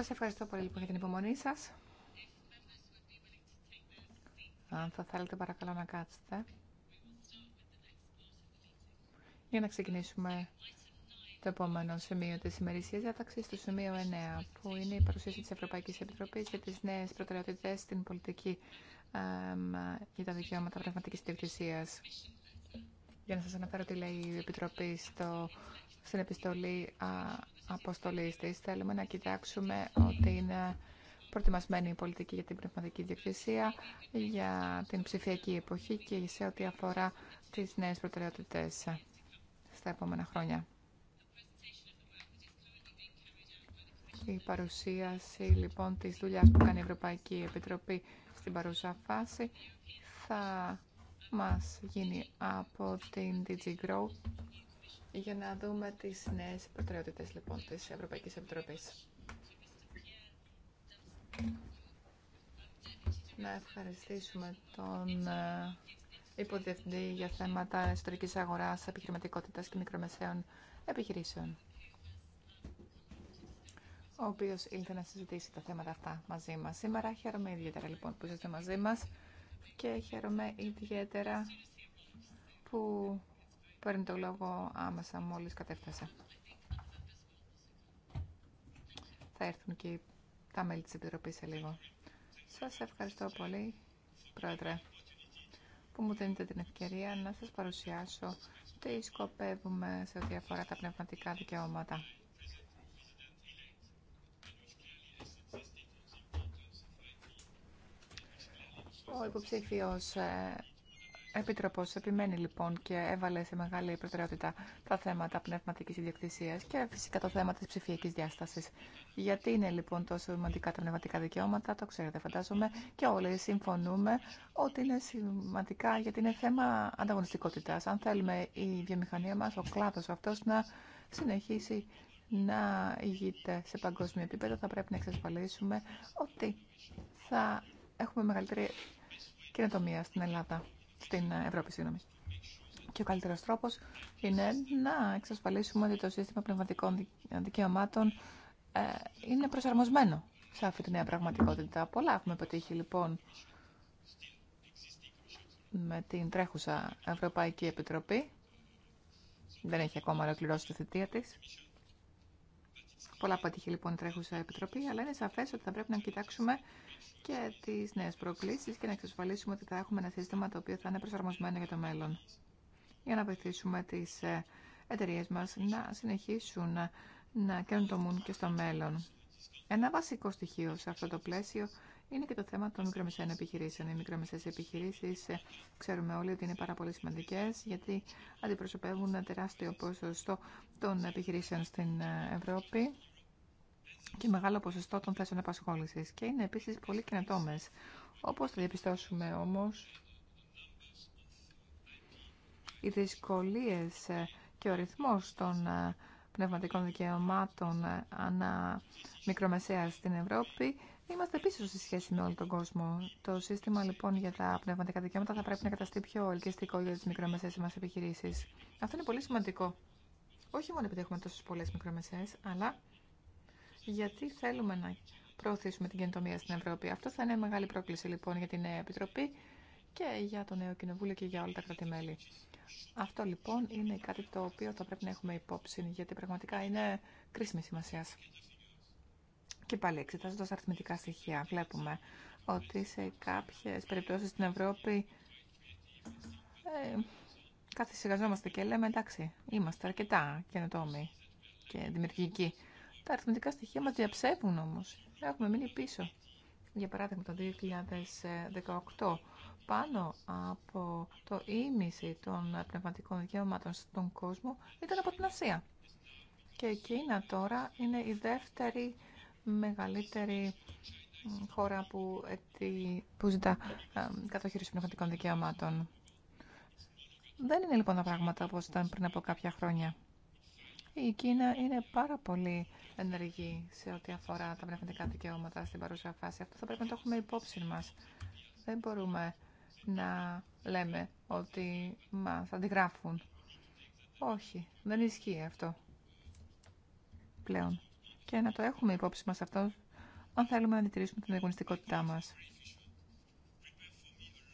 Σας ευχαριστώ πολύ λοιπόν για την υπομονή σας. Αν θα θέλετε παρακαλώ να κάτσετε. Για να ξεκινήσουμε το επόμενο σημείο της ημερησίας διάταξης, το σημείο 9, που είναι η παρουσίαση της Ευρωπαϊκής Επιτροπής για τις νέες προτεραιότητες στην πολιτική για τα δικαιώματα πνευματικής ιδιοκτησίας. Για να σας αναφέρω τι λέει η Επιτροπή στο, στην επιστολή Θέλουμε να κοιτάξουμε ότι είναι προετοιμασμένη η πολιτική για την πνευματική διοκτησία, για την ψηφιακή εποχή και σε ό,τι αφορά τις νέες προτεραιότητες στα επόμενα χρόνια. Η παρουσίαση λοιπόν της δουλειάς που κάνει η Ευρωπαϊκή Επιτροπή στην παρούσα φάση θα μας γίνει από την DG για να δούμε τις νέες προτεραιότητες λοιπόν της Ευρωπαϊκής Επιτροπής. Να ευχαριστήσουμε τον ε, υποδιευθυντή για θέματα εσωτερικής αγοράς, επιχειρηματικότητας και μικρομεσαίων επιχειρήσεων, ο οποίος ήλθε να συζητήσει τα θέματα αυτά μαζί μας. Σήμερα χαίρομαι ιδιαίτερα λοιπόν που είστε μαζί μας και χαίρομαι ιδιαίτερα που παίρνει το λόγο άμεσα μόλις κατέφτασε. Θα έρθουν και τα μέλη της Επιτροπής σε λίγο. Σας ευχαριστώ πολύ, Πρόεδρε, που μου δίνετε την ευκαιρία να σας παρουσιάσω τι σκοπεύουμε σε ό,τι αφορά τα πνευματικά δικαιώματα. Ο υποψήφιος ε, Επίτροπος επιμένει λοιπόν και έβαλε σε μεγάλη προτεραιότητα τα θέματα πνευματικής ιδιοκτησίας και φυσικά το θέμα της ψηφιακής διάστασης. Γιατί είναι λοιπόν τόσο σημαντικά τα πνευματικά δικαιώματα, το ξέρετε φαντάζομαι, και όλοι συμφωνούμε ότι είναι σημαντικά γιατί είναι θέμα ανταγωνιστικότητας. Αν θέλουμε η βιομηχανία μας, ο κλάδος αυτός να συνεχίσει να ηγείται σε παγκόσμιο επίπεδο, θα πρέπει να εξασφαλίσουμε ότι θα έχουμε μεγαλύτερη καινοτομία στην Ελλάδα στην Ευρώπη, συγγνώμη. Και ο καλύτερο τρόπο είναι να εξασφαλίσουμε ότι το σύστημα πνευματικών δικαιωμάτων ε, είναι προσαρμοσμένο σε αυτή τη νέα πραγματικότητα. Πολλά έχουμε πετύχει λοιπόν με την τρέχουσα Ευρωπαϊκή Επιτροπή. Δεν έχει ακόμα ολοκληρώσει τη θητεία της. Πολλά πάτυχε λοιπόν η τρέχουσα επιτροπή, αλλά είναι σαφέ ότι θα πρέπει να κοιτάξουμε και τι νέε προκλήσει και να εξασφαλίσουμε ότι θα έχουμε ένα σύστημα το οποίο θα είναι προσαρμοσμένο για το μέλλον. Για να βοηθήσουμε τι ε, εταιρείε μα να συνεχίσουν να κάνουν το μουν και στο μέλλον. Ένα βασικό στοιχείο σε αυτό το πλαίσιο είναι και το θέμα των μικρομεσαίων επιχειρήσεων. Οι μικρομεσαίες επιχειρήσεις ε, ξέρουμε όλοι ότι είναι πάρα πολύ σημαντικέ γιατί αντιπροσωπεύουν ένα τεράστιο ποσοστό των επιχειρήσεων στην ε, Ευρώπη και μεγάλο ποσοστό των θέσεων απασχόληση. και είναι επίσης πολύ καινοτόμε. Όπως θα διαπιστώσουμε όμω οι δυσκολίε ε, και ο ρυθμός των πνευματικών δικαιωμάτων ανά μικρομεσαία στην Ευρώπη Είμαστε πίσω στη σχέση με όλο τον κόσμο. Το σύστημα λοιπόν για τα πνευματικά δικαιώματα θα πρέπει να καταστεί πιο ελκυστικό για τι μικρομεσαίε μα επιχειρήσει. Αυτό είναι πολύ σημαντικό. Όχι μόνο επειδή έχουμε τόσε πολλέ μικρομεσαίε, αλλά γιατί θέλουμε να προωθήσουμε την καινοτομία στην Ευρώπη. Αυτό θα είναι μεγάλη πρόκληση λοιπόν για την νέα Επιτροπή και για το νέο Κοινοβούλιο και για όλα τα κράτη-μέλη. Αυτό λοιπόν είναι κάτι το οποίο θα πρέπει να έχουμε υπόψη, γιατί πραγματικά είναι κρίσιμη σημασία. Και πάλι εξετάζοντα αριθμητικά στοιχεία, βλέπουμε ότι σε κάποιε περιπτώσει στην Ευρώπη ε, συγκαζόμαστε και λέμε εντάξει, είμαστε αρκετά καινοτόμοι και δημιουργικοί. Τα αριθμητικά στοιχεία μα διαψεύουν όμω. Έχουμε μείνει πίσω. Για παράδειγμα, το 2018 πάνω από το ίμιση των πνευματικών δικαιωμάτων στον κόσμο ήταν από την Ασία. Και εκείνα τώρα είναι η δεύτερη μεγαλύτερη χώρα που, που ζητά ε, κατοχήρωση πνευματικών δικαιωμάτων. Δεν είναι λοιπόν τα πράγματα όπως ήταν πριν από κάποια χρόνια. Η Κίνα είναι πάρα πολύ ενεργή σε ό,τι αφορά τα πνευματικά δικαιώματα στην παρούσα φάση. Αυτό θα πρέπει να το έχουμε υπόψη μας. Δεν μπορούμε να λέμε ότι μας αντιγράφουν. Όχι, δεν ισχύει αυτό πλέον και να το έχουμε υπόψη μας αυτό αν θέλουμε να αντιτηρήσουμε την εγωνιστικότητά μας.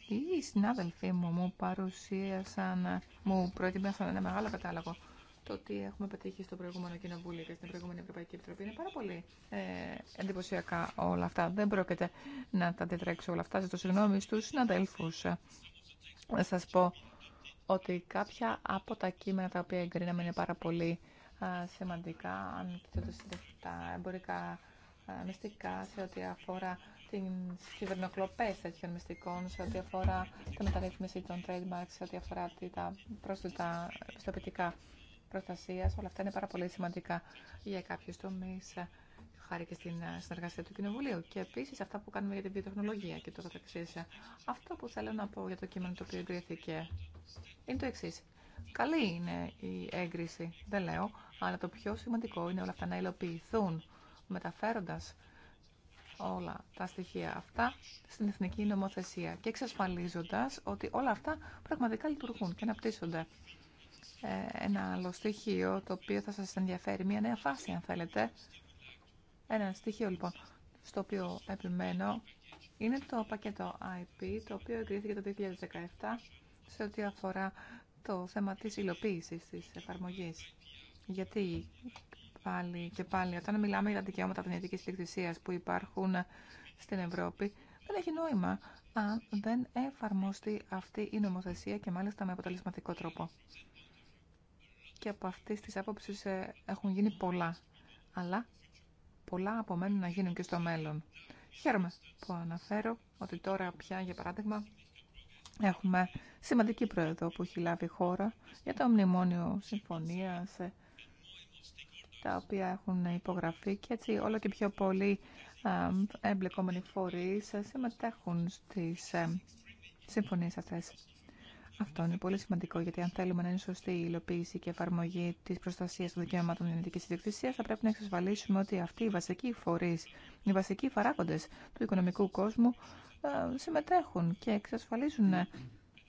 Οι συνάδελφοί μου μου παρουσίασαν, μου προετοιμάσαν ένα μεγάλο κατάλογο το ότι έχουμε πετύχει στο προηγούμενο Κοινοβούλιο και στην προηγούμενη Ευρωπαϊκή Επιτροπή. Είναι πάρα πολύ ε, εντυπωσιακά όλα αυτά. Δεν πρόκειται να τα αντιτρέξω όλα αυτά. Ζητώ συγγνώμη στους συναδέλφους. Να σας πω ότι κάποια από τα κείμενα τα οποία εγκρίναμε είναι πάρα πολύ ε, σημαντικά, αν συνδέχει τα εμπορικά ε, μυστικά, σε ό,τι αφορά τι κυβερνοκλοπέ τέτοιων μυστικών, σε ό,τι αφορά τη μεταρρύθμιση των trademarks, σε ό,τι αφορά τα πρόσθετα πιστοποιητικά προστασία. Όλα αυτά είναι πάρα πολύ σημαντικά για κάποιου τομεί, χάρη και στην ε, συνεργασία του Κοινοβουλίου. Και επίση αυτά που κάνουμε για την βιοτεχνολογία και το καθεξή. Αυτό που θέλω να πω για το κείμενο το οποίο εγκρίθηκε είναι το εξή. Καλή είναι η έγκριση, δεν λέω, αλλά το πιο σημαντικό είναι όλα αυτά να υλοποιηθούν μεταφέροντας όλα τα στοιχεία αυτά στην εθνική νομοθεσία και εξασφαλίζοντας ότι όλα αυτά πραγματικά λειτουργούν και αναπτύσσονται. Ε, ένα άλλο στοιχείο το οποίο θα σας ενδιαφέρει, μια νέα φάση αν θέλετε, ένα στοιχείο λοιπόν στο οποίο επιμένω είναι το πακέτο IP το οποίο εγκρίθηκε το 2017 σε ό,τι αφορά το θέμα της υλοποίησης της εφαρμογής. Γιατί πάλι και πάλι όταν μιλάμε για τα δικαιώματα πνευματικής ιδιοκτησίας που υπάρχουν στην Ευρώπη, δεν έχει νόημα αν δεν εφαρμοστεί αυτή η νομοθεσία και μάλιστα με αποτελεσματικό τρόπο. Και από αυτή τη άποψη ε, έχουν γίνει πολλά, αλλά πολλά απομένουν να γίνουν και στο μέλλον. Χαίρομαι που αναφέρω ότι τώρα πια, για παράδειγμα, έχουμε σημαντική πρόεδρο που έχει λάβει η χώρα για το Μνημόνιο Συμφωνίας ε, τα οποία έχουν υπογραφεί και έτσι όλο και πιο πολλοί ε, εμπλεκόμενοι φορείς ε, συμμετέχουν στις ε, συμφωνίες αυτές. Αυτό είναι πολύ σημαντικό γιατί αν θέλουμε να είναι σωστή η υλοποίηση και εφαρμογή τη προστασία των δικαιωμάτων γενετική ιδιοκτησία, θα πρέπει να εξασφαλίσουμε ότι αυτοί οι βασικοί φορεί, οι βασικοί παράγοντε του οικονομικού κόσμου συμμετέχουν και εξασφαλίζουν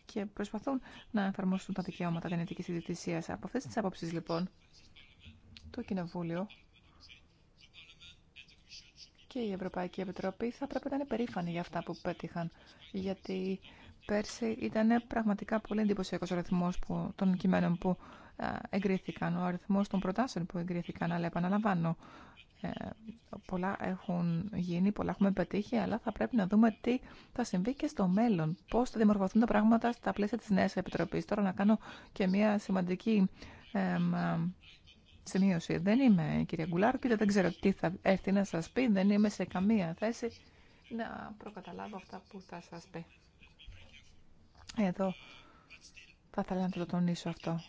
και προσπαθούν να εφαρμόσουν τα δικαιώματα γενετική ιδιοκτησία. Από αυτέ τι άποψει, λοιπόν, το Κοινοβούλιο και η Ευρωπαϊκή Επιτροπή θα πρέπει να είναι περήφανοι για αυτά που πέτυχαν. Γιατί πέρσι ήταν πραγματικά πολύ εντυπωσιακό ο αριθμό των κειμένων που ε, εγκρίθηκαν, ο αριθμό των προτάσεων που εγκρίθηκαν. Αλλά επαναλαμβάνω, ε, πολλά έχουν γίνει, πολλά έχουμε πετύχει, αλλά θα πρέπει να δούμε τι θα συμβεί και στο μέλλον. Πώ θα δημορφωθούν τα πράγματα στα πλαίσια τη νέα επιτροπή. Τώρα να κάνω και μια σημαντική σημείωση. Δεν είμαι, κυρία Γκουλάρ, και δεν ξέρω τι θα έρθει να σας πει. Δεν είμαι σε καμία θέση να προκαταλάβω αυτά που θα σας πει. Εδώ θα ήθελα να το τονίσω αυτό.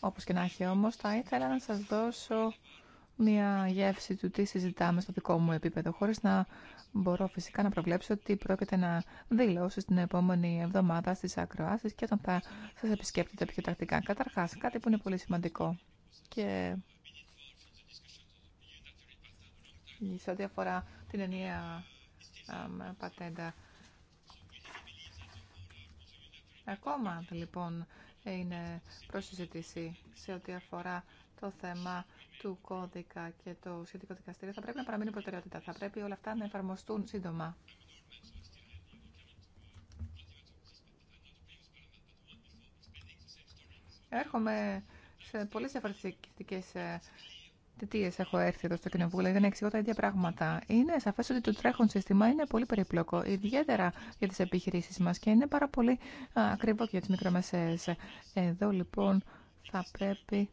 Όπως και να έχει όμως, θα ήθελα να σας δώσω μια γεύση του τι συζητάμε στο δικό μου επίπεδο, χωρίς να μπορώ φυσικά να προβλέψω τι πρόκειται να δηλώσω στην επόμενη εβδομάδα στις ακροάσεις και όταν θα σας επισκέπτεται πιο τακτικά. Καταρχάς, κάτι που είναι πολύ σημαντικό και σε ό,τι αφορά την ενιαία πατέντα. Ακόμα λοιπόν είναι προσυζήτηση σε ό,τι αφορά το θέμα του κώδικα και το σχετικό δικαστήριο. Θα πρέπει να παραμείνει προτεραιότητα. Θα πρέπει όλα αυτά να εφαρμοστούν σύντομα. Έρχομαι σε πολλές διαφορετικές ε, θητείε έχω έρθει εδώ στο Κοινοβούλιο για να εξηγώ τα ίδια πράγματα. Είναι σαφέ ότι το τρέχον σύστημα είναι πολύ περίπλοκο, ιδιαίτερα για τι επιχειρήσει μα και είναι πάρα πολύ ακριβό και για τι μικρομεσαίε. Εδώ λοιπόν θα πρέπει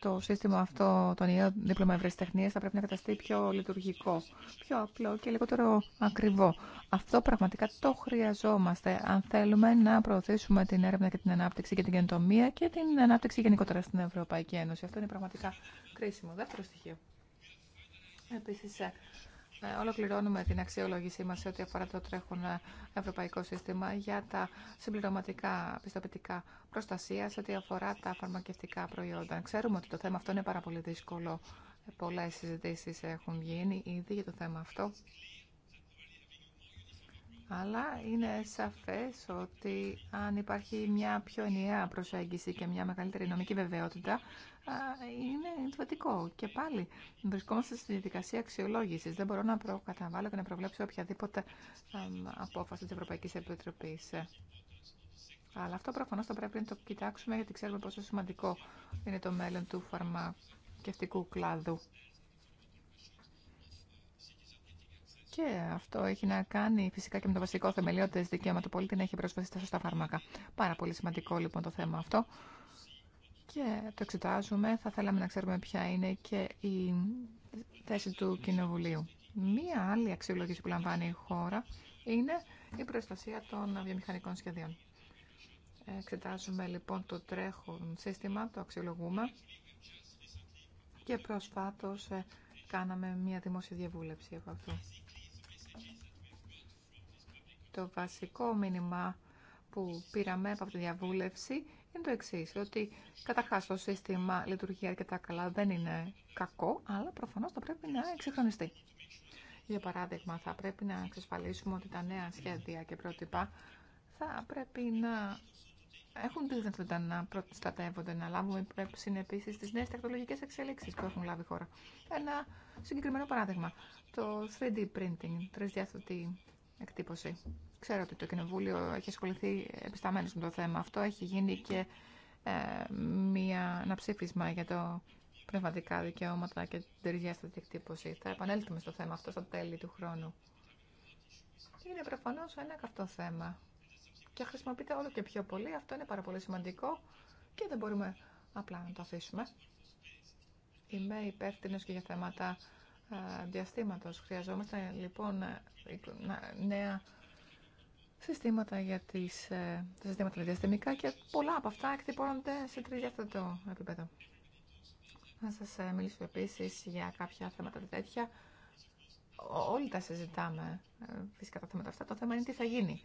το σύστημα αυτό, το νέο δίπλωμα ευρεσιτεχνία, θα πρέπει να καταστεί πιο λειτουργικό, πιο απλό και λιγότερο ακριβό. Αυτό πραγματικά το χρειαζόμαστε αν θέλουμε να προωθήσουμε την έρευνα και την ανάπτυξη και την καινοτομία και την ανάπτυξη γενικότερα στην Ευρωπαϊκή Ένωση. Αυτό είναι πραγματικά κρίσιμο. Δεύτερο στοιχείο. επίσης. Ε, ε, ολοκληρώνουμε την αξιολόγησή μας σε ό,τι αφορά το τρέχον ε, ευρωπαϊκό σύστημα για τα συμπληρωματικά πιστοποιητικά προστασία σε ό,τι αφορά τα φαρμακευτικά προϊόντα. Ξέρουμε ότι το θέμα αυτό είναι πάρα πολύ δύσκολο. Ε, Πολλέ συζητήσει έχουν γίνει ήδη για το θέμα αυτό. Αλλά είναι σαφές ότι αν υπάρχει μια πιο ενιαία προσέγγιση και μια μεγαλύτερη νομική βεβαιότητα, είναι εντυπωτικό. Και πάλι βρισκόμαστε στη διαδικασία αξιολόγηση. Δεν μπορώ να προκαταβάλω και να προβλέψω οποιαδήποτε απόφαση τη Ευρωπαϊκή Επιτροπή. Αλλά αυτό προφανώ θα πρέπει να το κοιτάξουμε γιατί ξέρουμε πόσο σημαντικό είναι το μέλλον του φαρμακευτικού κλάδου. Και αυτό έχει να κάνει φυσικά και με το βασικό θεμελιώδε δικαίωμα του πολίτη να έχει πρόσβαση στα σωστά φάρμακα. Πάρα πολύ σημαντικό λοιπόν το θέμα αυτό και το εξετάζουμε. Θα θέλαμε να ξέρουμε ποια είναι και η θέση του Κοινοβουλίου. Μία άλλη αξιολόγηση που λαμβάνει η χώρα είναι η προστασία των βιομηχανικών σχεδίων. Εξετάζουμε λοιπόν το τρέχον σύστημα, το αξιολογούμε και προσφάτως ε, κάναμε μία δημόσια διαβούλευση από αυτό. Το βασικό μήνυμα που πήραμε από τη διαβούλευση είναι το εξή, ότι καταρχά το σύστημα λειτουργεί αρκετά καλά, δεν είναι κακό, αλλά προφανώ θα πρέπει να εξυγχρονιστεί. Για παράδειγμα, θα πρέπει να εξασφαλίσουμε ότι τα νέα σχέδια και πρότυπα θα πρέπει να έχουν τη δυνατότητα να προστατεύονται, να λάβουμε υπόψη επίση τι νέε τεχνολογικέ εξέλιξει που έχουν λάβει η χώρα. Ένα συγκεκριμένο παράδειγμα, το 3D printing, τρισδιάστατη εκτύπωση. Ξέρω ότι το Κοινοβούλιο έχει ασχοληθεί επισταμένως με το θέμα αυτό. Έχει γίνει και ε, μια, ένα ψήφισμα για το πνευματικά δικαιώματα και την ταιριαστή εκτύπωση. Θα επανέλθουμε στο θέμα αυτό στα τέλη του χρόνου. Είναι προφανώ ένα καυτό θέμα. Και χρησιμοποιείται όλο και πιο πολύ. Αυτό είναι πάρα πολύ σημαντικό και δεν μπορούμε απλά να το αφήσουμε. Είμαι υπεύθυνο και για θέματα ε, διαστήματο. Χρειαζόμαστε λοιπόν ε, νέα συστήματα για τις, ε, τα συστήματα διαστημικά και πολλά από αυτά εκτυπώνονται σε τριδιαστατό επίπεδο. Να σας ε, μιλήσω επίσης για κάποια θέματα τέτοια. Όλοι τα συζητάμε ε, φυσικά τα θέματα αυτά. Το θέμα είναι τι θα γίνει.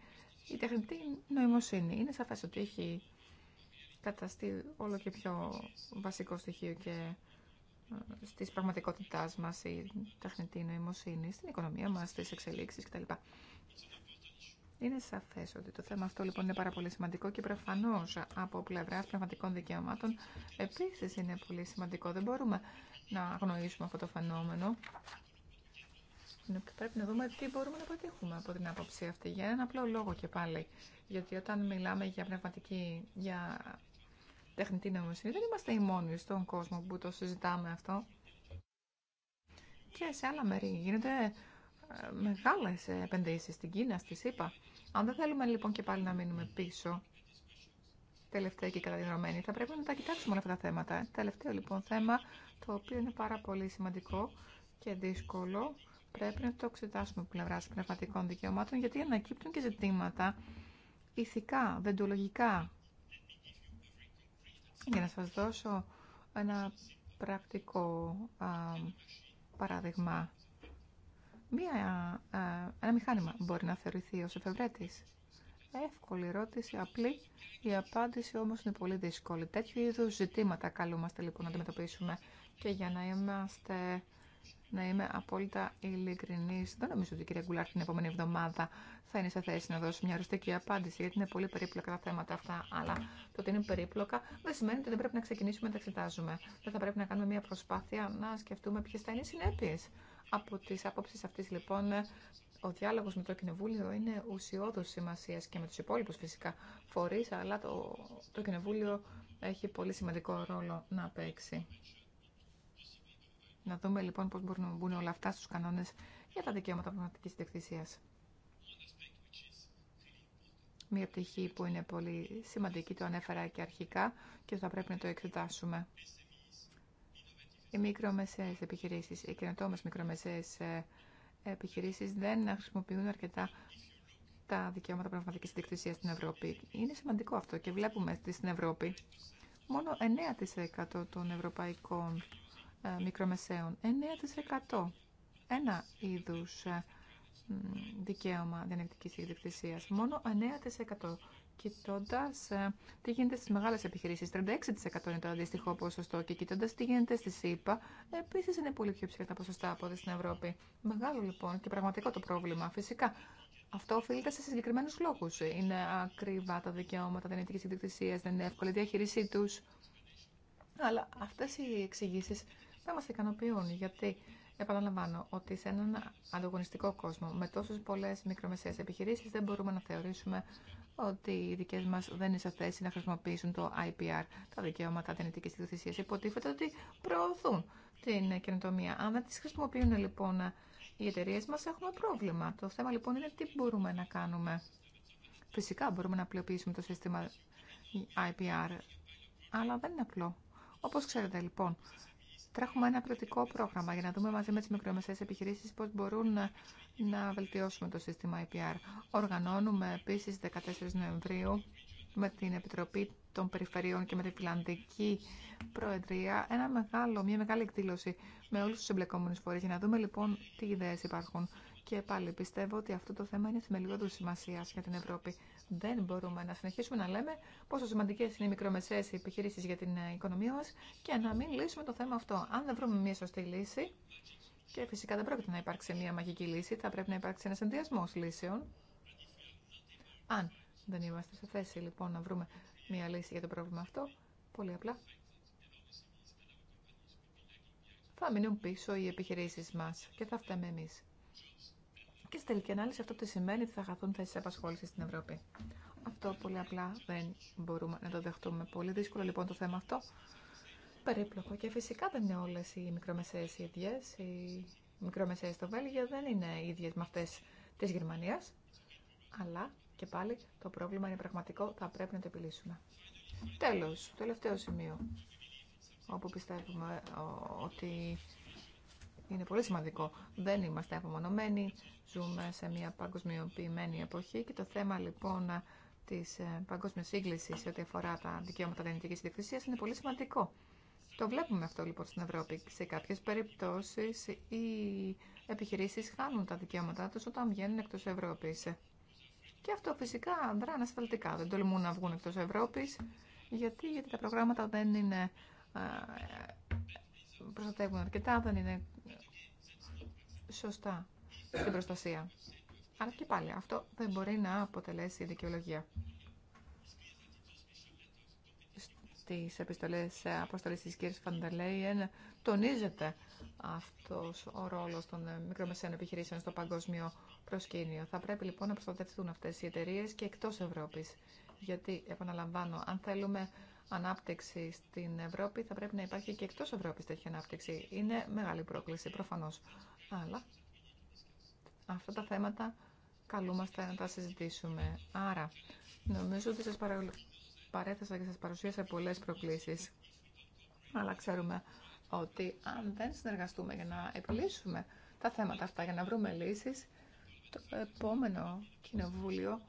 Η τεχνητή νοημοσύνη είναι σαφές ότι έχει καταστεί όλο και πιο βασικό στοιχείο και στις πραγματικότητάς μας η τεχνητή νοημοσύνη, στην οικονομία μας, στις εξελίξεις κτλ. Είναι σαφέ ότι το θέμα αυτό λοιπόν είναι πάρα πολύ σημαντικό και προφανώ από πλευρά πνευματικών δικαιωμάτων επίση είναι πολύ σημαντικό. Δεν μπορούμε να αγνοήσουμε αυτό το φαινόμενο. Πρέπει να δούμε τι μπορούμε να πετύχουμε από την άποψη αυτή. Για έναν απλό λόγο και πάλι. Γιατί όταν μιλάμε για πνευματική, για τεχνητή νοημοσύνη, δεν είμαστε οι μόνοι στον κόσμο που το συζητάμε αυτό. Και σε άλλα μέρη γίνεται ε, μεγάλες επενδύσεις στην Κίνα, στη ΣΥΠΑ. Αν δεν θέλουμε λοιπόν και πάλι να μείνουμε πίσω, τελευταία και καταδεδομένη, θα πρέπει να τα κοιτάξουμε όλα αυτά τα θέματα. Τελευταίο λοιπόν θέμα, το οποίο είναι πάρα πολύ σημαντικό και δύσκολο, πρέπει να το εξετάσουμε από πλευρά πνευματικών δικαιωμάτων, γιατί ανακύπτουν και ζητήματα ηθικά, δεντολογικά. Για να σας δώσω ένα πρακτικό παράδειγμα. Μία, ένα μηχάνημα μπορεί να θεωρηθεί ως εφευρέτης. Εύκολη ερώτηση, απλή. Η απάντηση όμως είναι πολύ δύσκολη. Τέτοιου είδους ζητήματα καλούμαστε λοιπόν να αντιμετωπίσουμε. Και για να είμαστε να είμαι απόλυτα ειλικρινή. Δεν νομίζω ότι η κυρία Γκουλάρ την επόμενη εβδομάδα θα είναι σε θέση να δώσει μια οριστική απάντηση, γιατί είναι πολύ περίπλοκα τα θέματα αυτά. Αλλά το ότι είναι περίπλοκα δεν σημαίνει ότι δεν πρέπει να ξεκινήσουμε να τα εξετάζουμε. Δεν θα πρέπει να κάνουμε μια προσπάθεια να σκεφτούμε ποιε θα είναι οι συνέπειε από τι άποψει αυτή, λοιπόν ο διάλογο με το Κοινοβούλιο είναι ουσιώδος σημασία και με του υπόλοιπου φυσικά φορεί, αλλά το, το Κοινοβούλιο έχει πολύ σημαντικό ρόλο να παίξει. Να δούμε λοιπόν πώς μπορούν να μπουν όλα αυτά στους κανόνες για τα δικαιώματα πνευματικής ιδιοκτησίας. Μία πτυχή που είναι πολύ σημαντική, το ανέφερα και αρχικά και θα πρέπει να το εξετάσουμε οι μικρομεσαίες επιχειρήσεις, οι καινοτόμες μικρομεσαίες ε, επιχειρήσεις δεν χρησιμοποιούν αρκετά τα δικαιώματα πραγματικής δικτυσίας στην Ευρώπη. Είναι σημαντικό αυτό και βλέπουμε ότι στην Ευρώπη μόνο 9% των ευρωπαϊκών ε, μικρομεσαίων. 9%. Ένα είδους ε, δικαίωμα διανεκτικής ιδιοκτησίας. Μόνο 9% κοιτώντα ε, τι γίνεται στι μεγάλε επιχειρήσει, 36% είναι το αντίστοιχο ποσοστό. Και κοιτώντα τι γίνεται στη ΗΠΑ, επίση είναι πολύ πιο ψηλά τα ποσοστά από ό,τι στην Ευρώπη. Μεγάλο λοιπόν και πραγματικό το πρόβλημα. Φυσικά αυτό οφείλεται σε συγκεκριμένου λόγου. Είναι ακριβά τα δικαιώματα δεν είναι ιδιοκτησία, δεν είναι εύκολη διαχείρισή του. Αλλά αυτέ οι εξηγήσει δεν μα ικανοποιούν γιατί Επαναλαμβάνω ότι σε έναν ανταγωνιστικό κόσμο με τόσε πολλέ μικρομεσαίε επιχειρήσει δεν μπορούμε να θεωρήσουμε ότι οι δικέ μα δεν είναι σε θέση να χρησιμοποιήσουν το IPR, τα δικαιώματα ειδική ιδιοκτησία. Υποτίθεται ότι προωθούν την καινοτομία. Αν δεν τι χρησιμοποιούν λοιπόν οι εταιρείε μα, έχουμε πρόβλημα. Το θέμα λοιπόν είναι τι μπορούμε να κάνουμε. Φυσικά μπορούμε να απλοποιήσουμε το σύστημα IPR, αλλά δεν είναι απλό. Όπω ξέρετε λοιπόν, τρέχουμε ένα πιλωτικό πρόγραμμα για να δούμε μαζί με τις μικρομεσαίες επιχειρήσεις πώς μπορούν να, βελτιώσουμε το σύστημα IPR. Οργανώνουμε επίσης 14 Νοεμβρίου με την Επιτροπή των Περιφερειών και με την Φιλανδική Προεδρία ένα μεγάλο, μια μεγάλη εκδήλωση με όλους τους εμπλεκόμενους φορείς για να δούμε λοιπόν τι ιδέες υπάρχουν. Και πάλι πιστεύω ότι αυτό το θέμα είναι θεμελιώδου σημασία για την Ευρώπη. Δεν μπορούμε να συνεχίσουμε να λέμε πόσο σημαντικέ είναι οι μικρομεσαίε επιχειρήσει για την ε, οικονομία μα και να μην λύσουμε το θέμα αυτό. Αν δεν βρούμε μια σωστή λύση, και φυσικά δεν πρόκειται να υπάρξει μια μαγική λύση, θα πρέπει να υπάρξει ένα συνδυασμό λύσεων. Αν δεν είμαστε σε θέση λοιπόν να βρούμε μια λύση για το πρόβλημα αυτό, πολύ απλά θα μείνουν πίσω οι επιχειρήσεις μας και θα φταίμε εμείς και στη τελική ανάλυση αυτό τι σημαίνει ότι θα χαθούν θέσει απασχόληση στην Ευρώπη. Αυτό πολύ απλά δεν μπορούμε να το δεχτούμε. Πολύ δύσκολο λοιπόν το θέμα αυτό. Περίπλοκο. Και φυσικά δεν είναι όλε οι μικρομεσαίε ίδιε. Οι μικρομεσαίε στο Βέλγιο δεν είναι ίδιε με αυτέ τη Γερμανία. Αλλά και πάλι το πρόβλημα είναι πραγματικό. Θα πρέπει να το επιλύσουμε. Τέλο, τελευταίο σημείο όπου πιστεύουμε ότι είναι πολύ σημαντικό. Δεν είμαστε απομονωμένοι. Ζούμε σε μια παγκοσμιοποιημένη εποχή και το θέμα λοιπόν τη ε, παγκόσμια σύγκληση σε ό,τι αφορά τα δικαιώματα δυνητική ιδιοκτησία είναι πολύ σημαντικό. Το βλέπουμε αυτό λοιπόν στην Ευρώπη. Σε κάποιε περιπτώσει οι επιχειρήσει χάνουν τα δικαιώματά του όταν βγαίνουν εκτό Ευρώπη. Και αυτό φυσικά δρά ανασφαλτικά. Δεν τολμούν να βγουν εκτό Ευρώπη γιατί, γιατί τα προγράμματα δεν είναι. Ε, ε, προστατεύουν αρκετά, δεν είναι σωστά στην προστασία. Αλλά και πάλι αυτό δεν μπορεί να αποτελέσει δικαιολογία. Στις επιστολέ Αποστολή τη κ. Φαντελέιεν τονίζεται αυτό ο ρόλο των μικρομεσαίων επιχειρήσεων στο παγκόσμιο προσκήνιο. Θα πρέπει λοιπόν να προστατευτούν αυτέ οι εταιρείε και εκτό Ευρώπη. Γιατί, επαναλαμβάνω, αν θέλουμε ανάπτυξη στην Ευρώπη, θα πρέπει να υπάρχει και εκτό Ευρώπη τέτοια ανάπτυξη. Είναι μεγάλη πρόκληση, προφανώ. Αλλά αυτά τα θέματα καλούμαστε να τα συζητήσουμε. Άρα, νομίζω ότι σας παρέθεσα και σας παρουσίασα πολλές προκλήσεις. Αλλά ξέρουμε ότι αν δεν συνεργαστούμε για να επιλύσουμε τα θέματα αυτά, για να βρούμε λύσεις, το επόμενο κοινοβούλιο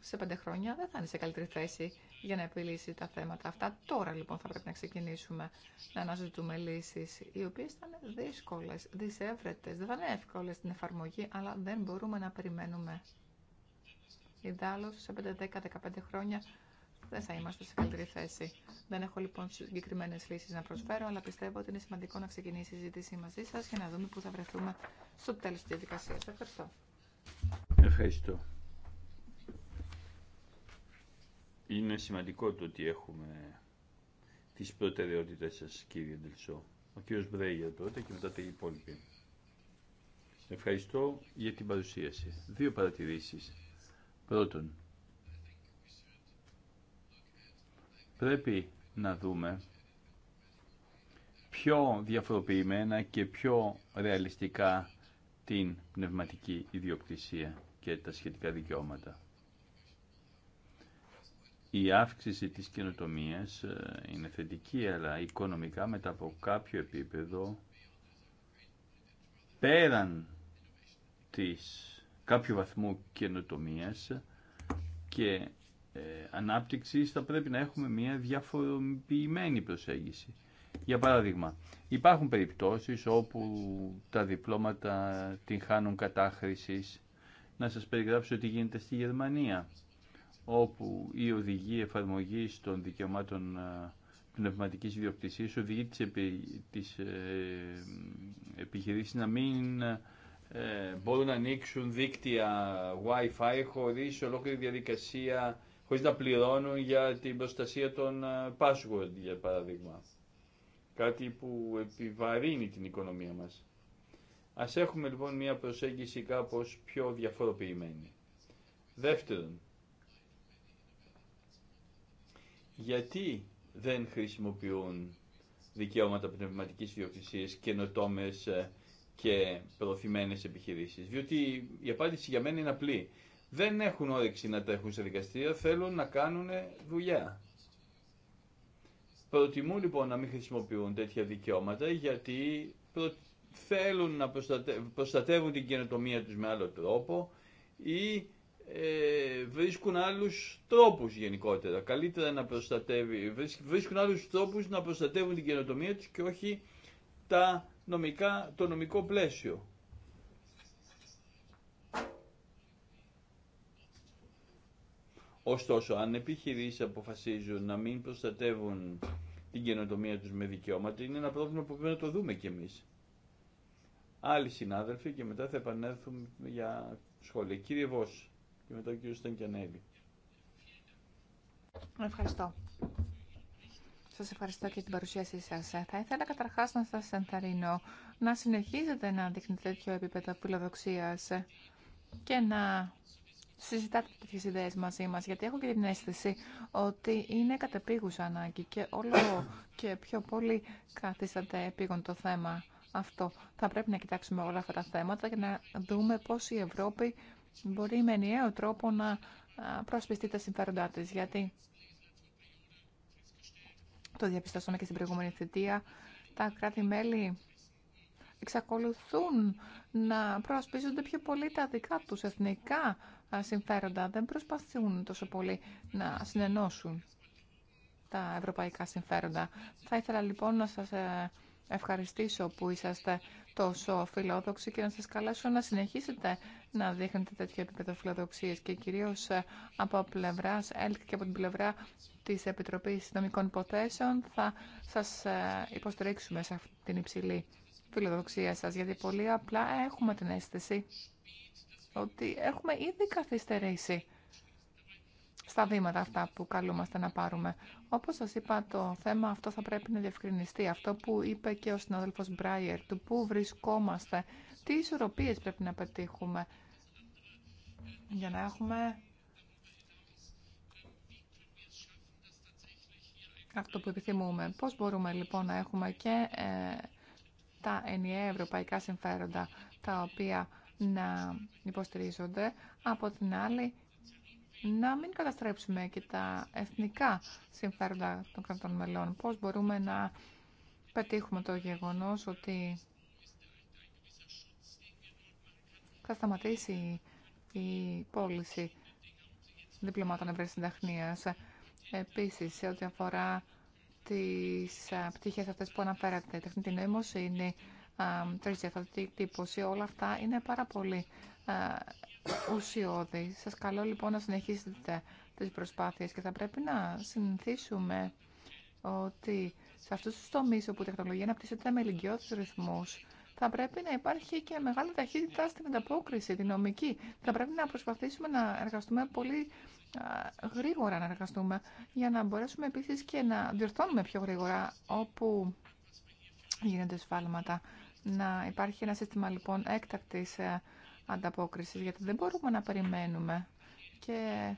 σε πέντε χρόνια δεν θα είναι σε καλύτερη θέση για να επιλύσει τα θέματα αυτά. Τώρα λοιπόν θα πρέπει να ξεκινήσουμε να αναζητούμε λύσεις οι οποίε θα είναι δύσκολες, δυσέβρετε, δεν θα είναι εύκολε στην εφαρμογή, αλλά δεν μπορούμε να περιμένουμε. Ιδάλω σε 5, 10, 15 χρόνια δεν θα είμαστε σε καλύτερη θέση. Δεν έχω λοιπόν συγκεκριμένε λύσει να προσφέρω, αλλά πιστεύω ότι είναι σημαντικό να ξεκινήσει η συζήτηση μαζί σα για να δούμε πού θα βρεθούμε στο τέλο τη διαδικασία. Ευχαριστώ. Ευχαριστώ. Είναι σημαντικό το ότι έχουμε τις προτεραιότητες σας κύριε Ντελσό. Ο κύριος Μπρέγια τότε και μετά τα υπόλοιπη. Ευχαριστώ για την παρουσίαση. Δύο παρατηρήσεις. Πρώτον, πρέπει να δούμε πιο διαφοροποιημένα και πιο ρεαλιστικά την πνευματική ιδιοκτησία και τα σχετικά δικαιώματα η αύξηση της καινοτομία ε, είναι θετική, αλλά οικονομικά μετά από κάποιο επίπεδο πέραν της κάποιου βαθμού καινοτομία και ε, ανάπτυξης θα πρέπει να έχουμε μια διαφοροποιημένη προσέγγιση. Για παράδειγμα, υπάρχουν περιπτώσεις όπου τα διπλώματα την χάνουν κατάχρησης. Να σας περιγράψω τι γίνεται στη Γερμανία όπου η οδηγία εφαρμογής των δικαιωμάτων ε, πνευματική ιδιοκτησίας οδηγεί τι επι, ε, να μην ε, μπορούν να ανοίξουν δίκτυα Wi-Fi χωρίς ολόκληρη διαδικασία, χωρίς να πληρώνουν για την προστασία των ε, password, για παράδειγμα. Κάτι που επιβαρύνει την οικονομία μας. Ας έχουμε λοιπόν μια προσέγγιση κάπως πιο διαφοροποιημένη. Δεύτερον, γιατί δεν χρησιμοποιούν δικαιώματα πνευματικής ιδιοκτησίας καινοτόμε ε, και προωθημένες επιχειρήσεις. Διότι η απάντηση για μένα είναι απλή. Δεν έχουν όρεξη να τρέχουν σε δικαστήρια, θέλουν να κάνουν δουλειά. Προτιμούν λοιπόν να μην χρησιμοποιούν τέτοια δικαιώματα γιατί θέλουν να προστατεύουν την καινοτομία τους με άλλο τρόπο ή ε, βρίσκουν άλλους τρόπους γενικότερα. Καλύτερα να προστατεύει, βρίσκουν άλλους τρόπους να προστατεύουν την καινοτομία τους και όχι τα νομικά, το νομικό πλαίσιο. Ωστόσο, αν επιχειρήσει αποφασίζουν να μην προστατεύουν την καινοτομία τους με δικαιώματα, είναι ένα πρόβλημα που πρέπει να το δούμε κι εμείς. Άλλοι συνάδελφοι και μετά θα επανέλθουμε για σχόλια. Κύριε και μετά ο κύριος Στανκιανέλη. Ευχαριστώ. Σας ευχαριστώ και την παρουσίασή σας. Ε, θα ήθελα καταρχάς να σας ενθαρρύνω να συνεχίζετε να δείχνετε τέτοιο επίπεδο φιλοδοξίας και να συζητάτε τέτοιε ιδέε μαζί μα, γιατί έχω και την αίσθηση ότι είναι κατεπίγουσα ανάγκη και όλο και πιο πολύ καθίσταται επίγον το θέμα αυτό. Θα πρέπει να κοιτάξουμε όλα αυτά τα θέματα και να δούμε πώ η Ευρώπη μπορεί με ενιαίο τρόπο να προσπιστεί τα συμφέροντά της. Γιατί το διαπιστώσαμε και στην προηγούμενη θητεία, τα κράτη-μέλη εξακολουθούν να προασπίζονται πιο πολύ τα δικά τους εθνικά συμφέροντα. Δεν προσπαθούν τόσο πολύ να συνενώσουν τα ευρωπαϊκά συμφέροντα. Θα ήθελα λοιπόν να σας ε, ευχαριστήσω που είσαστε τόσο φιλόδοξοι και να σας καλέσω να συνεχίσετε να δείχνετε τέτοιο επίπεδο φιλοδοξίας και κυρίως ε, από πλευράς ΕΛΚ και από την πλευρά της Επιτροπής Νομικών Υποθέσεων θα σας ε, υποστηρίξουμε σε αυτή την υψηλή φιλοδοξία σας γιατί πολύ απλά έχουμε την αίσθηση ότι έχουμε ήδη καθυστερήσει στα βήματα αυτά που καλούμαστε να πάρουμε. Όπως σας είπα, το θέμα αυτό θα πρέπει να διευκρινιστεί. Αυτό που είπε και ο συνάδελφος Μπράιερ, του πού βρισκόμαστε, τι ισορροπίες πρέπει να πετύχουμε για να έχουμε αυτό που επιθυμούμε. Πώς μπορούμε λοιπόν να έχουμε και ε, τα ενιαία ευρωπαϊκά συμφέροντα τα οποία να υποστηρίζονται. Από την άλλη, να μην καταστρέψουμε και τα εθνικά συμφέροντα των κρατών μελών. Πώς μπορούμε να πετύχουμε το γεγονός ότι θα σταματήσει η πώληση διπλωμάτων ευρύς συνταχνίας. Επίσης, σε ό,τι αφορά τις πτυχές αυτές που αναφέρατε, τεχνητή νοημοσύνη, τρίτη διαφορετική τύπωση, όλα αυτά είναι πάρα πολύ ουσιώδη. Σας καλώ λοιπόν να συνεχίσετε τις προσπάθειες και θα πρέπει να συνηθίσουμε ότι σε αυτούς τους τομείς όπου η τεχνολογία αναπτύσσεται με λυγκιώδους ρυθμούς θα πρέπει να υπάρχει και μεγάλη ταχύτητα στην ανταπόκριση, την νομική. Θα πρέπει να προσπαθήσουμε να εργαστούμε πολύ γρήγορα να εργαστούμε για να μπορέσουμε επίσης και να διορθώνουμε πιο γρήγορα όπου γίνονται σφάλματα. Να υπάρχει ένα σύστημα λοιπόν έκτακτης ε, ανταπόκρισης, γιατί δεν μπορούμε να περιμένουμε και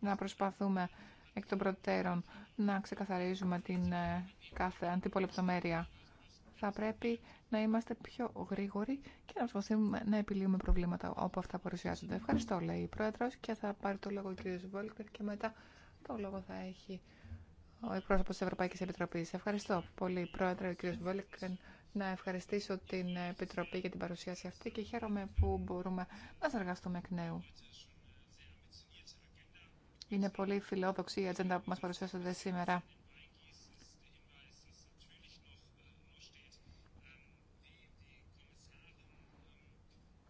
να προσπαθούμε εκ των προτέρων να ξεκαθαρίζουμε την ε, κάθε αντιπολεπτομέρεια. Θα πρέπει να είμαστε πιο γρήγοροι και να προσπαθούμε να επιλύουμε προβλήματα όπου αυτά παρουσιάζονται. Ευχαριστώ, λέει η Πρόεδρος και θα πάρει το λόγο ο κ. Βόλκερ και μετά το λόγο θα έχει ο εκπρόσωπος της Ευρωπαϊκής Επιτροπής. Ευχαριστώ πολύ, Πρόεδρε, ο κ. Βόλκερ να ευχαριστήσω την Επιτροπή για την παρουσίαση αυτή και χαίρομαι που μπορούμε να συνεργαστούμε εκ νέου. Είναι πολύ φιλόδοξη η ατζέντα που μας παρουσιάσατε σήμερα.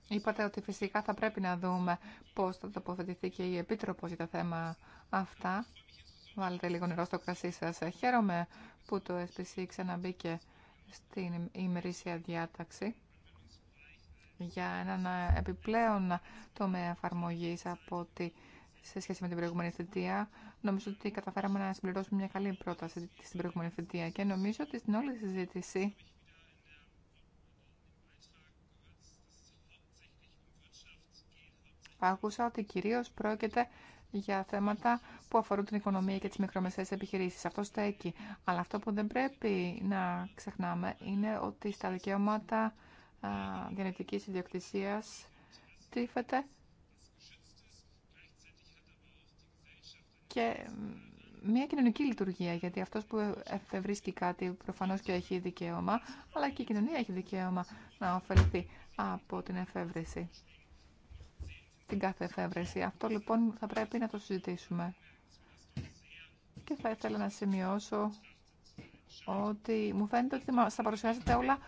Είπατε ότι φυσικά θα πρέπει να δούμε πώς θα τοποθετηθεί και η Επίτροπος για τα θέματα αυτά. Βάλετε λίγο νερό στο κρασί σας. Χαίρομαι που το SPC ξαναμπήκε στην ημερήσια διάταξη για έναν ε, επιπλέον τομέα εφαρμογή από ότι σε σχέση με την προηγούμενη θητεία. Νομίζω ότι καταφέραμε να συμπληρώσουμε μια καλή πρόταση στην προηγούμενη θητεία και νομίζω ότι στην όλη συζήτηση άκουσα ότι κυρίως πρόκειται για θέματα που αφορούν την οικονομία και τις μικρομεσαίες επιχειρήσεις. Αυτό στέκει. Αλλά αυτό που δεν πρέπει να ξεχνάμε είναι ότι στα δικαιώματα γενετικής ιδιοκτησίας τρύφεται και μια κοινωνική λειτουργία, γιατί αυτός που εφευρίσκει κάτι προφανώς και έχει δικαίωμα, αλλά και η κοινωνία έχει δικαίωμα να ωφεληθεί από την εφεύρεση την κάθε εφεύρεση. Αυτό λοιπόν θα πρέπει να το συζητήσουμε. Και θα ήθελα να σημειώσω ότι μου φαίνεται ότι θα παρουσιάζεται όλα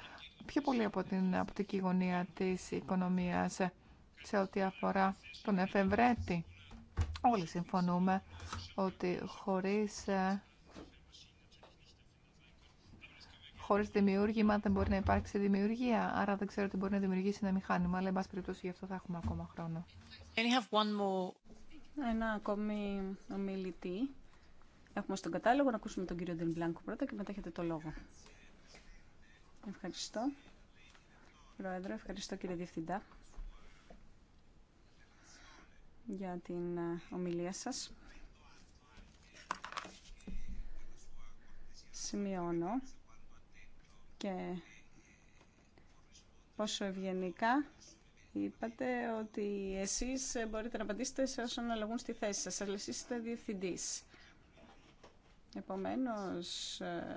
πιο πολύ από την οπτική γωνία της οικονομίας σε ό,τι αφορά τον εφευρέτη. Όλοι συμφωνούμε ότι χωρίς ε, χωρί δημιούργημα δεν μπορεί να υπάρξει δημιουργία. Άρα δεν ξέρω τι μπορεί να δημιουργήσει ένα μηχάνημα, αλλά εν πάση περιπτώσει γι' αυτό θα έχουμε ακόμα χρόνο. Ένα ακόμη ομιλητή. Έχουμε στον κατάλογο να ακούσουμε τον κύριο Ντεμπλάνκο πρώτα και μετά έχετε το λόγο. Ευχαριστώ. Πρόεδρε, ευχαριστώ κύριε Διευθυντά για την ε, ομιλία σας. Σημειώνω και πόσο ευγενικά είπατε ότι εσείς μπορείτε να απαντήσετε σε να λαγούν στη θέση σας, αλλά εσείς είστε διευθυντής. Επομένως, ε,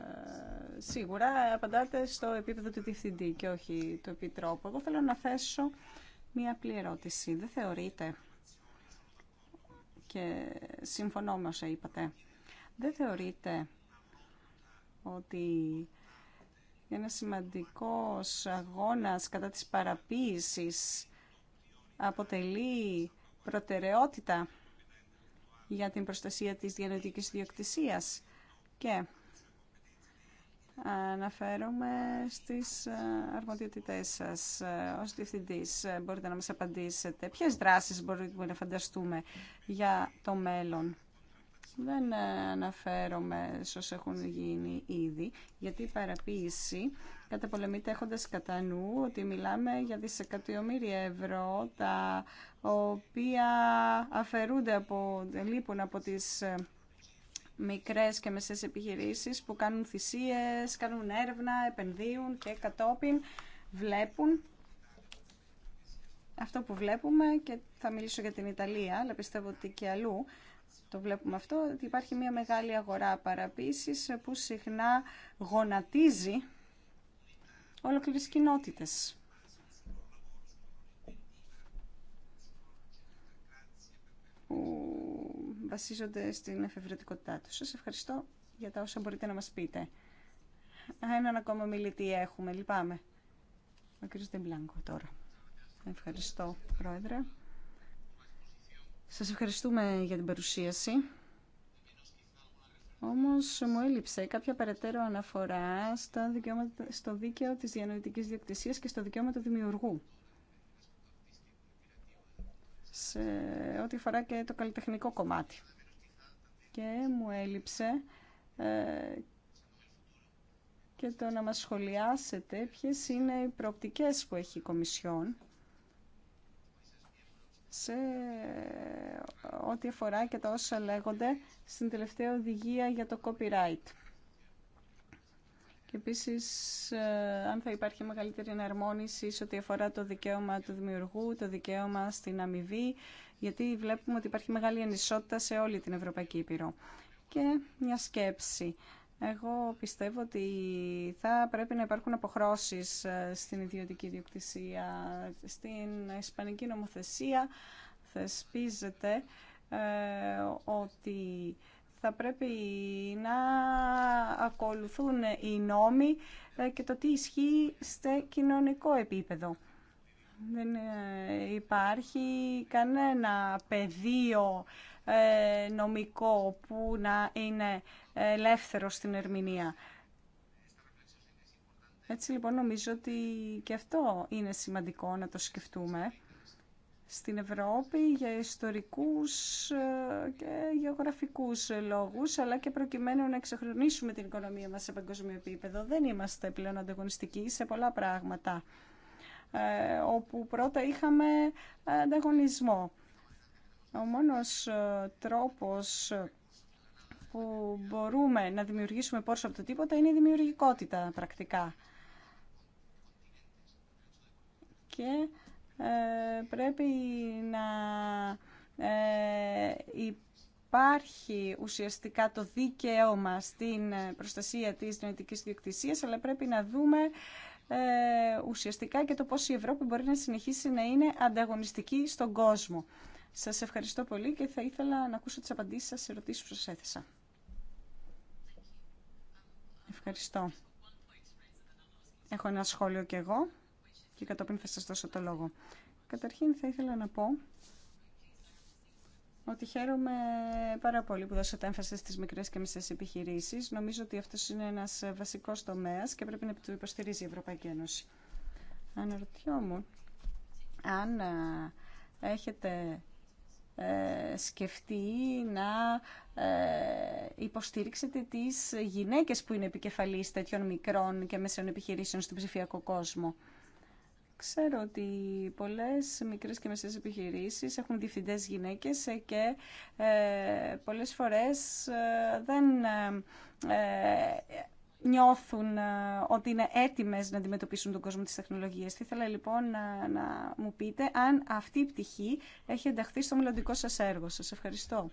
σίγουρα απαντάτε στο επίπεδο του διευθυντή και όχι του επιτρόπου. Εγώ θέλω να θέσω μία απλή ερώτηση. Δεν θεωρείτε, και συμφωνώ με όσα είπατε, δεν θεωρείτε ότι ένα σημαντικός αγώνας κατά της παραποίησης αποτελεί προτεραιότητα για την προστασία της διανοητικής διοκτησίας. και αναφέρομαι στις ε, αρμοδιότητές σας ε, ως διευθυντής. Ε, μπορείτε να μας απαντήσετε ποιες δράσεις μπορούμε να φανταστούμε για το μέλλον. Δεν ε, αναφέρομαι όσα έχουν γίνει ήδη, γιατί η παραποίηση καταπολεμείται έχοντα κατά νου ότι μιλάμε για δισεκατομμύρια ευρώ, τα οποία αφαιρούνται από, λείπουν από τις ε, μικρές και μεσές επιχειρήσεις που κάνουν θυσίες, κάνουν έρευνα, επενδύουν και κατόπιν βλέπουν αυτό που βλέπουμε και θα μιλήσω για την Ιταλία, αλλά πιστεύω ότι και αλλού το βλέπουμε αυτό, ότι υπάρχει μια μεγάλη αγορά παραποίησης που συχνά γονατίζει ολοκληρές κοινότητες. που βασίζονται στην εφευρετικότητά τους. Σας ευχαριστώ για τα όσα μπορείτε να μας πείτε. Έναν ακόμα μιλητή έχουμε, λυπάμαι. Ο κ. Δεμπλάνκο τώρα. Ευχαριστώ, Πρόεδρε. Σας ευχαριστούμε για την παρουσίαση. Όμως μου έλειψε κάποια περαιτέρω αναφορά στο δίκαιο της διανοητικής διοκτησίας και στο δικαίωμα του δημιουργού. Σε ό,τι αφορά και το καλλιτεχνικό κομμάτι. Και μου έλειψε ε, και το να μας σχολιάσετε ποιες είναι οι προοπτικές που έχει η Κομισιόν σε ό,τι αφορά και τα όσα λέγονται στην τελευταία οδηγία για το copyright. Και επίσης, ε, αν θα υπάρχει μεγαλύτερη εναρμόνιση σε ό,τι αφορά το δικαίωμα του δημιουργού, το δικαίωμα στην αμοιβή, γιατί βλέπουμε ότι υπάρχει μεγάλη ανισότητα σε όλη την Ευρωπαϊκή Ήπειρο. Και μια σκέψη. Εγώ πιστεύω ότι θα πρέπει να υπάρχουν αποχρώσεις ε, στην ιδιωτική διοκτησία. Στην ισπανική νομοθεσία θεσπίζεται ε, ότι θα πρέπει να ακολουθούν οι νόμοι ε, και το τι ισχύει στο κοινωνικό επίπεδο. Δεν υπάρχει κανένα πεδίο νομικό που να είναι ελεύθερο στην ερμηνεία. Έτσι λοιπόν νομίζω ότι και αυτό είναι σημαντικό να το σκεφτούμε στην Ευρώπη για ιστορικούς ε, και γεωγραφικούς λόγους, αλλά και προκειμένου να εξεχρονίσουμε την οικονομία μας σε παγκοσμίο επίπεδο. Δεν είμαστε πλέον ανταγωνιστικοί σε πολλά πράγματα, ε, όπου πρώτα είχαμε ανταγωνισμό. Ο μόνος ε, τρόπος που μπορούμε να δημιουργήσουμε πόρους από το τίποτα είναι η δημιουργικότητα πρακτικά. Και ε, πρέπει να ε, υπάρχει ουσιαστικά το δίκαιωμα στην προστασία της νοητικής διοκτησίας, αλλά πρέπει να δούμε ε, ουσιαστικά και το πώς η Ευρώπη μπορεί να συνεχίσει να είναι ανταγωνιστική στον κόσμο. Σας ευχαριστώ πολύ και θα ήθελα να ακούσω τις απαντήσεις σας σε ερωτήσεις που σας έθεσα. Ευχαριστώ. Έχω ένα σχόλιο κι εγώ και κατόπιν θα σας δώσω το λόγο. Καταρχήν θα ήθελα να πω ότι χαίρομαι πάρα πολύ που δώσατε έμφαση στις μικρές και μισές επιχειρήσεις. Νομίζω ότι αυτός είναι ένας βασικός τομέας και πρέπει να το υποστηρίζει η Ευρωπαϊκή Ένωση. Αναρωτιόμουν αν ε, έχετε ε, σκεφτεί να ε, υποστήριξετε τις γυναίκες που είναι επικεφαλής τέτοιων μικρών και μεσαίων επιχειρήσεων στον ψηφιακό κόσμο. Ξέρω ότι πολλές μικρές και μεσαίες επιχειρήσεις έχουν διευθυντές γυναίκες ε, και πολλές φορές δεν νιώθουν ε, ότι είναι έτοιμες να αντιμετωπίσουν τον κόσμο της τεχνολογίας. Θα ήθελα λοιπόν να, να μου πείτε αν αυτή η πτυχή έχει ενταχθεί στο μελλοντικό σας έργο. Σας ευχαριστώ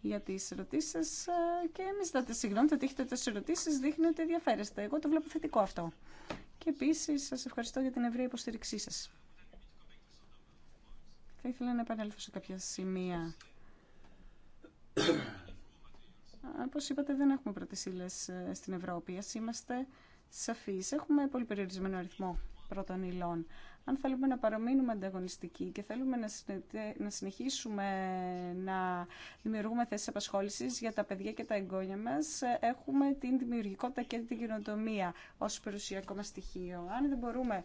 για τις ερωτήσεις σας ε, και εμεί ζητάτε συγγνώμη, ότι έχετε τόσες ερωτήσεις δείχνει ότι ενδιαφέρεστε. Εγώ το βλέπω θετικό αυτό. Και επίσης σας ευχαριστώ για την ευρεία υποστήριξή σας. Θα ήθελα να επανέλθω σε κάποια σημεία Όπω είπατε δεν έχουμε ύλε ε, στην Ευρώπη, Α είμαστε σαφεί. Έχουμε πολύ περιορισμένο αριθμό πρώτων υλών. Αν θέλουμε να παραμείνουμε ανταγωνιστικοί και θέλουμε να συνεχίσουμε να δημιουργούμε θέσει απασχόληση για τα παιδιά και τα εγγόνια μα, ε, έχουμε την δημιουργικότητα και την κοινοτομία ω περιουσιακό μα στοιχείο. Αν δεν μπορούμε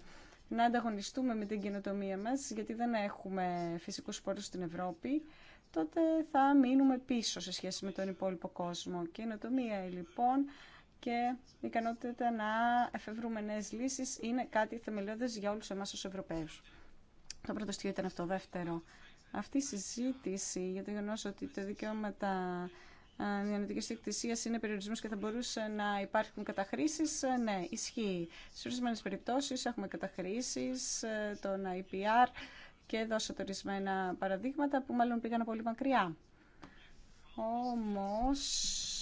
να ανταγωνιστούμε με την κοινοτομία μα, γιατί δεν έχουμε φυσικού πόρου στην Ευρώπη, τότε θα μείνουμε πίσω σε σχέση με τον υπόλοιπο κόσμο. Καινοτομία λοιπόν και η ικανότητα να εφεύρουμε νέε λύσει είναι κάτι θεμελιώδε για όλου εμά του Ευρωπαίου. Το πρώτο στοιχείο ήταν αυτό. Δεύτερο, αυτή η συζήτηση για το γεγονό ότι τα δικαιώματα εκκλησία είναι περιορισμό και θα μπορούσε να υπάρχουν καταχρήσει, ε, ναι, ισχύει. Σε ορισμένε περιπτώσει έχουμε καταχρήσει ε, των IPR και δώσω ορισμένα παραδείγματα που μάλλον πήγαν πολύ μακριά. Όμως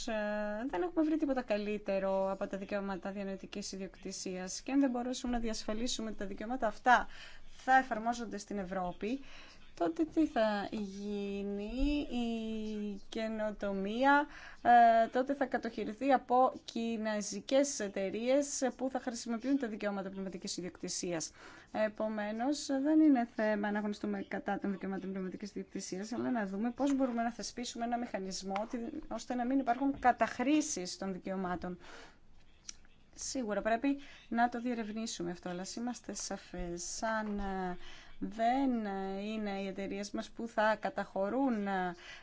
ε, δεν έχουμε βρει τίποτα καλύτερο από τα δικαιώματα διανοητικής ιδιοκτησίας και αν δεν μπορούσαμε να διασφαλίσουμε τα δικαιώματα αυτά θα εφαρμόζονται στην Ευρώπη, τότε τι θα γίνει η καινοτομία, ε, τότε θα κατοχυρηθεί από κινέζικες εταιρείε που θα χρησιμοποιούν τα δικαιώματα πνευματική ιδιοκτησία. Επομένως, δεν είναι θέμα να αγωνιστούμε κατά των δικαιωμάτων πνευματική ιδιοκτησία, αλλά να δούμε πώς μπορούμε να θεσπίσουμε ένα μηχανισμό ώστε να μην υπάρχουν καταχρήσεις των δικαιωμάτων. Σίγουρα πρέπει να το διερευνήσουμε αυτό, αλλά είμαστε σαφές. Σαν ε, δεν ε, είναι οι εταιρείε μας που θα καταχωρούν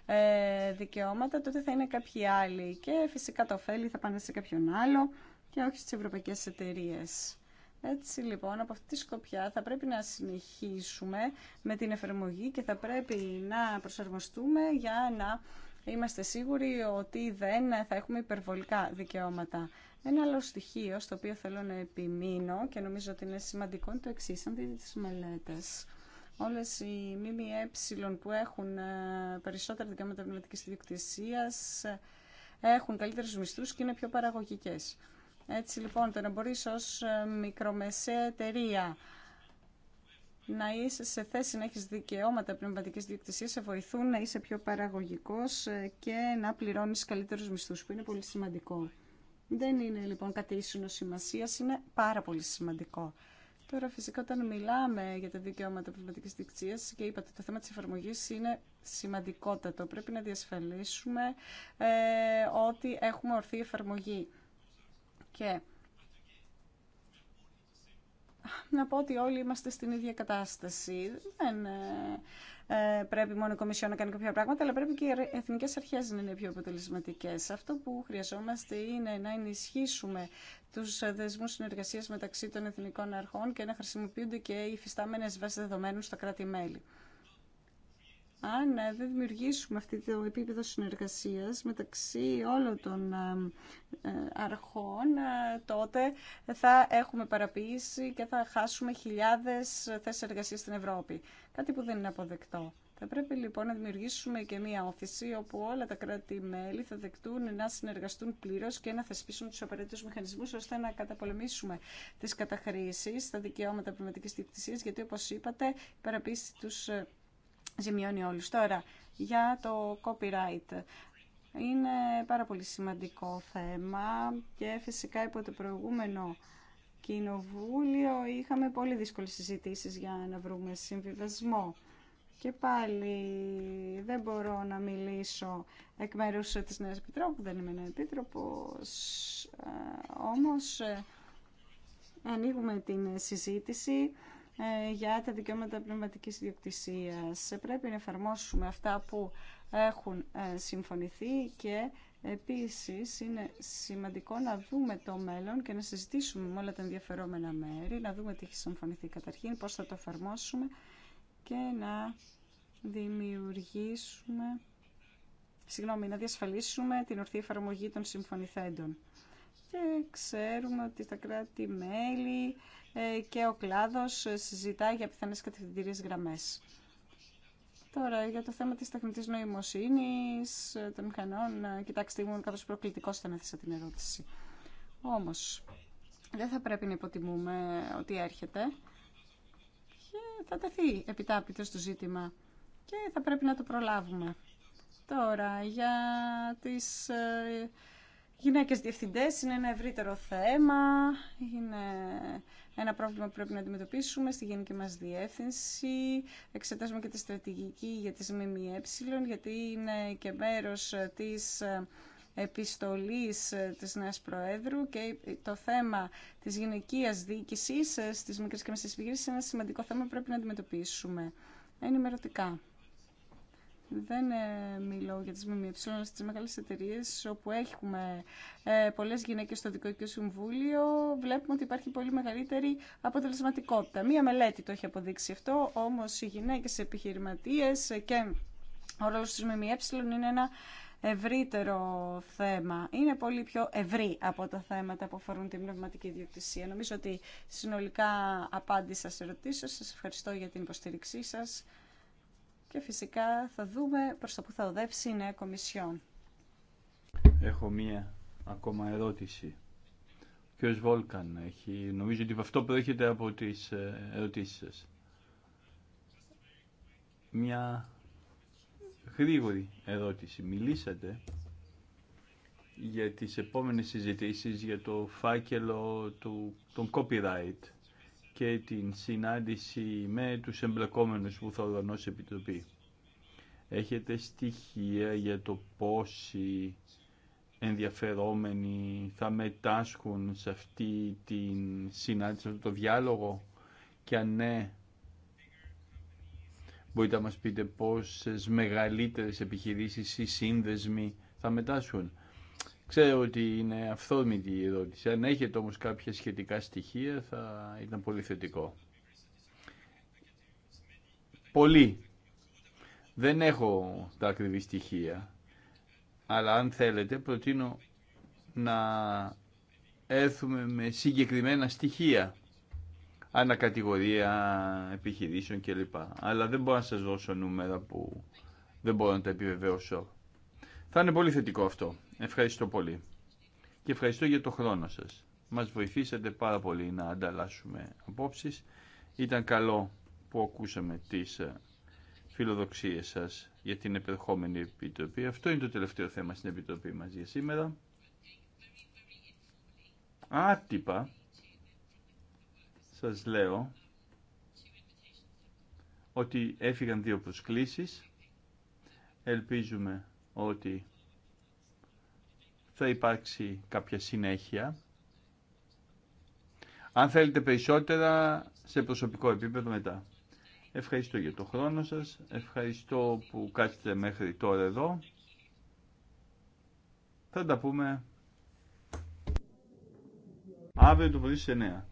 ε, δικαιώματα, τότε θα είναι κάποιοι άλλοι. Και φυσικά το ωφέλη θα πάνε σε κάποιον άλλο και όχι στις ευρωπαϊκές εταιρείε. Έτσι λοιπόν, από αυτή τη σκοπιά θα πρέπει να συνεχίσουμε με την εφαρμογή και θα πρέπει να προσαρμοστούμε για να είμαστε σίγουροι ότι δεν θα έχουμε υπερβολικά δικαιώματα. Ένα άλλο στοιχείο στο οποίο θέλω να επιμείνω και νομίζω ότι είναι σημαντικό είναι το εξή. Αν δείτε τι μελέτε, όλε οι ΜΜΕ που έχουν ε, περισσότερα δικαιώματα πνευματική ιδιοκτησία ε, έχουν καλύτερου μισθού και είναι πιο παραγωγικέ. Έτσι λοιπόν, το να μπορεί ω ε, μικρομεσαία εταιρεία να είσαι σε θέση να έχεις δικαιώματα πνευματικής διοκτησίας σε βοηθούν να είσαι πιο παραγωγικός και να πληρώνεις καλύτερους μισθούς, που είναι πολύ σημαντικό. Δεν είναι λοιπόν κάτι ίσονο σημασία, είναι πάρα πολύ σημαντικό. Τώρα φυσικά όταν μιλάμε για τα δικαιώματα πνευματικής δικτύας και είπατε το θέμα της εφαρμογής είναι σημαντικότατο. Πρέπει να διασφαλίσουμε ε, ότι έχουμε ορθή εφαρμογή. Και να πω ότι όλοι είμαστε στην ίδια κατάσταση. Δεν ε, ε, πρέπει μόνο η Κομισιόν να κάνει κάποια πράγματα, αλλά πρέπει και οι εθνικέ αρχέ να είναι πιο αποτελεσματικέ. Αυτό που χρειαζόμαστε είναι να ενισχύσουμε του δεσμού συνεργασία μεταξύ των εθνικών αρχών και να χρησιμοποιούνται και οι φυστάμενε βάσει δεδομένων στα κράτη-μέλη αν ε, δεν δημιουργήσουμε αυτή το επίπεδο συνεργασίας μεταξύ όλων των ε, ε, αρχών, τότε θα έχουμε παραποίηση και θα χάσουμε χιλιάδες θέσεις εργασίας στην Ευρώπη. Κάτι που δεν είναι αποδεκτό. Θα πρέπει λοιπόν να δημιουργήσουμε και μία όθηση όπου όλα τα κράτη-μέλη θα δεκτούν να συνεργαστούν πλήρως και να θεσπίσουν τους απαραίτητους μηχανισμούς ώστε να καταπολεμήσουμε τις καταχρήσεις, τα δικαιώματα πνευματικής διεκτησίας, γιατί όπως είπατε η παραποίηση του ζημιώνει όλους. Τώρα, για το copyright. Είναι πάρα πολύ σημαντικό θέμα και φυσικά υπό το προηγούμενο κοινοβούλιο είχαμε πολύ δύσκολες συζητήσεις για να βρούμε συμβιβασμό. Και πάλι δεν μπορώ να μιλήσω εκ μέρους της Νέας Επιτρόπου, δεν είμαι ένα επίτροπος, ε, όμως ε, ανοίγουμε την συζήτηση ε, για τα δικαιώματα πνευματικής ιδιοκτησίας. Ε, πρέπει να εφαρμόσουμε αυτά που έχουν ε, συμφωνηθεί και επίσης είναι σημαντικό να δούμε το μέλλον και να συζητήσουμε με όλα τα ενδιαφερόμενα μέρη, να δούμε τι έχει συμφωνηθεί καταρχήν, πώς θα το εφαρμόσουμε και να δημιουργήσουμε, συγγνώμη, να διασφαλίσουμε την ορθή εφαρμογή των συμφωνηθέντων. Και ξέρουμε ότι στα κράτη-μέλη ε, και ο κλάδος συζητά για πιθανές κατευθυντήριες γραμμές. Τώρα, για το θέμα της τεχνητής νοημοσύνης, ε, των μηχανών, ε, κοιτάξτε, ήμουν κάπως προκλητικός όταν έθεσα την ερώτηση. Όμως, δεν θα πρέπει να υποτιμούμε ότι έρχεται και θα τεθεί επιτάπητο στο ζήτημα και θα πρέπει να το προλάβουμε. Τώρα, για τις γυναίκες διευθυντές είναι ένα ευρύτερο θέμα, είναι ένα πρόβλημα που πρέπει να αντιμετωπίσουμε στη γενική μας διεύθυνση. Εξετάζουμε και τη στρατηγική για τις ΜΜΕ, γιατί είναι και μέρος της επιστολής της Νέας Προέδρου και το θέμα της γυναικείας διοίκησης στις μικρές και μεσαίες επιχειρήσεις είναι ένα σημαντικό θέμα που πρέπει να αντιμετωπίσουμε ενημερωτικά. Δεν ε, μιλώ για τις ΜΜΕ, αλλά στις μεγάλες εταιρείες όπου έχουμε ε, πολλές γυναίκες στο δικό συμβούλιο βλέπουμε ότι υπάρχει πολύ μεγαλύτερη αποτελεσματικότητα. Μία μελέτη το έχει αποδείξει αυτό, όμως οι γυναίκες επιχειρηματίες και ο ρόλος της ΜΜΕ είναι ένα ευρύτερο θέμα. Είναι πολύ πιο ευρύ από τα θέματα που αφορούν την πνευματική ιδιοκτησία. Νομίζω ότι συνολικά απάντησα σε ερωτήσεις. Σας ευχαριστώ για την υποστήριξή σας και φυσικά θα δούμε προς το που θα οδεύσει η νέα Κομισιόν. Έχω μία ακόμα ερώτηση. Ποιο Βόλκαν έχει, νομίζω ότι αυτό προέρχεται από τις ε, ερωτήσεις σας. Μια γρήγορη ερώτηση. Μιλήσατε για τις επόμενες συζητήσεις για το φάκελο του, των copyright και την συνάντηση με τους εμπλεκόμενους που θα οργανώσει η Επιτροπή. Έχετε στοιχεία για το πόσοι ενδιαφερόμενοι θα μετάσχουν σε αυτή την συνάντηση, σε αυτό το διάλογο και αν ναι, μπορείτε να μας πείτε πόσες μεγαλύτερες επιχειρήσεις ή σύνδεσμοι θα μετάσχουν. Ξέρω ότι είναι αυθόρμητη η ερώτηση. Αν έχετε όμως κάποια σχετικά στοιχεία θα ήταν πολύ θετικό. Πολύ. Δεν έχω τα ακριβή στοιχεία. Αλλά αν θέλετε προτείνω να έρθουμε με συγκεκριμένα στοιχεία ανακατηγορία επιχειρήσεων κλπ. Αλλά δεν μπορώ να σας δώσω νούμερα που δεν μπορώ να τα επιβεβαιώσω θα είναι πολύ θετικό αυτό. Ευχαριστώ πολύ. Και ευχαριστώ για το χρόνο σας. Μας βοηθήσατε πάρα πολύ να ανταλλάσσουμε απόψεις. Ήταν καλό που ακούσαμε τις ε, φιλοδοξίες σας για την επερχόμενη επιτροπή. Αυτό είναι το τελευταίο θέμα στην επιτροπή μας για σήμερα. Άτυπα σας λέω ότι έφυγαν δύο προσκλήσεις. Ελπίζουμε ότι θα υπάρξει κάποια συνέχεια. Αν θέλετε περισσότερα σε προσωπικό επίπεδο μετά. Ευχαριστώ για το χρόνο σας. Ευχαριστώ που κάτσετε μέχρι τώρα εδώ. Θα τα πούμε αύριο το πρωί στις 9.